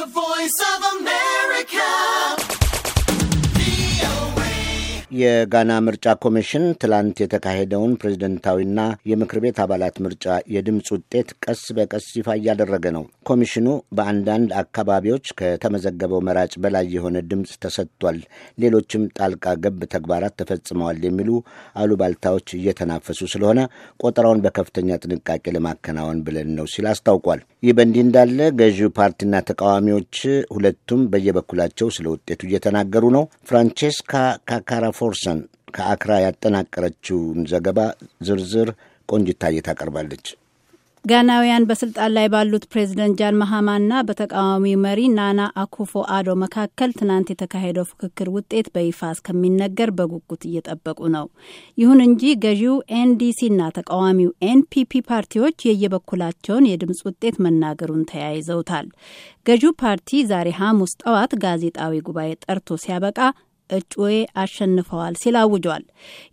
The voice of a man. የጋና ምርጫ ኮሚሽን ትላንት የተካሄደውን ፕሬዝደንታዊና የምክር ቤት አባላት ምርጫ የድምፅ ውጤት ቀስ በቀስ ይፋ እያደረገ ነው። ኮሚሽኑ በአንዳንድ አካባቢዎች ከተመዘገበው መራጭ በላይ የሆነ ድምፅ ተሰጥቷል፣ ሌሎችም ጣልቃ ገብ ተግባራት ተፈጽመዋል የሚሉ አሉባልታዎች እየተናፈሱ ስለሆነ ቆጠራውን በከፍተኛ ጥንቃቄ ለማከናወን ብለን ነው ሲል አስታውቋል። ይህ በእንዲህ እንዳለ ገዢው ፓርቲና ተቃዋሚዎች ሁለቱም በየበኩላቸው ስለ ውጤቱ እየተናገሩ ነው። ፍራንቼስካ ካካራፎ ቶርሰን ከአክራ ያጠናቀረችውን ዘገባ ዝርዝር ቆንጅታዬ ታቀርባለች። ጋናውያን በስልጣን ላይ ባሉት ፕሬዚደንት ጃን መሃማና በተቃዋሚ መሪ ናና አኩፎ አዶ መካከል ትናንት የተካሄደው ፉክክር ውጤት በይፋ እስከሚነገር በጉጉት እየጠበቁ ነው። ይሁን እንጂ ገዢው ኤንዲሲና ተቃዋሚው ኤንፒፒ ፓርቲዎች የየበኩላቸውን የድምፅ ውጤት መናገሩን ተያይዘውታል። ገዢው ፓርቲ ዛሬ ሐሙስ ጠዋት ጋዜጣዊ ጉባኤ ጠርቶ ሲያበቃ እጩዌ አሸንፈዋል ሲል አውጇል።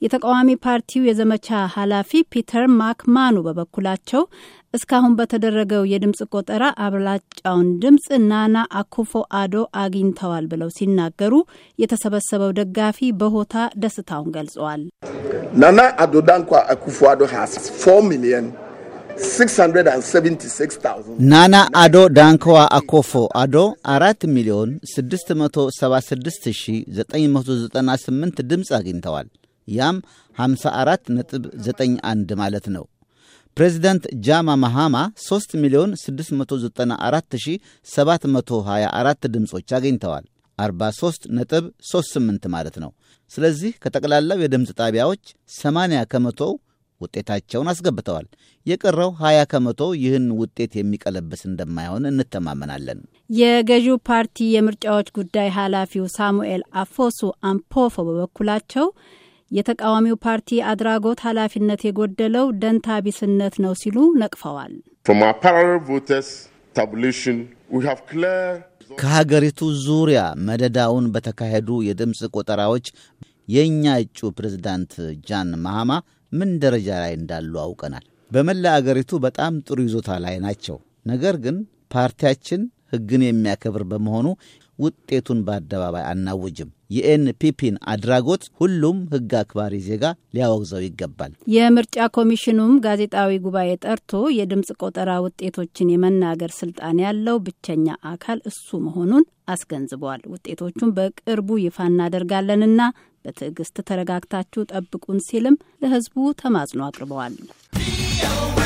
የተቃዋሚ ፓርቲው የዘመቻ ኃላፊ ፒተር ማክማኑ በበኩላቸው እስካሁን በተደረገው የድምፅ ቆጠራ አብላጫውን ድምፅ ናና አኩፎ አዶ አግኝተዋል ብለው ሲናገሩ የተሰበሰበው ደጋፊ በሆታ ደስታውን ገልጸዋል። ናና አዶ ዳንኳ አኩፎ አዶ ሀስ ፎር ሚሊየን 676,000 ናና አዶ ዳንከዋ አኮፎ አዶ 4 ሚሊዮን 676998 ድምፅ አግኝተዋል። ያም 54 91 ማለት ነው። ፕሬዚዳንት ጃማ ማሃማ 3 ሚሊዮን 694724 ድምፆች አግኝተዋል። 43 ነጥብ 38 ማለት ነው። ስለዚህ ከጠቅላላው የድምፅ ጣቢያዎች 80 ከመቶው ውጤታቸውን አስገብተዋል። የቀረው 20 ከመቶ ይህን ውጤት የሚቀለብስ እንደማይሆን እንተማመናለን። የገዢው ፓርቲ የምርጫዎች ጉዳይ ኃላፊው ሳሙኤል አፎሱ አምፖፎ በበኩላቸው የተቃዋሚው ፓርቲ አድራጎት ኃላፊነት የጎደለው ደንታ ቢስነት ነው ሲሉ ነቅፈዋል። ከሀገሪቱ ዙሪያ መደዳውን በተካሄዱ የድምፅ ቆጠራዎች የእኛ እጩ ፕሬዝዳንት ጃን ማሃማ ምን ደረጃ ላይ እንዳሉ አውቀናል። በመላ አገሪቱ በጣም ጥሩ ይዞታ ላይ ናቸው። ነገር ግን ፓርቲያችን ሕግን የሚያከብር በመሆኑ ውጤቱን በአደባባይ አናውጅም። የኤንፒፒን አድራጎት ሁሉም ሕግ አክባሪ ዜጋ ሊያወግዘው ይገባል። የምርጫ ኮሚሽኑም ጋዜጣዊ ጉባኤ ጠርቶ የድምፅ ቆጠራ ውጤቶችን የመናገር ስልጣን ያለው ብቸኛ አካል እሱ መሆኑን አስገንዝበዋል። ውጤቶቹን በቅርቡ ይፋ እናደርጋለንና በትዕግስት ተረጋግታችሁ ጠብቁን ሲልም ለሕዝቡ ተማጽኖ አቅርበዋል።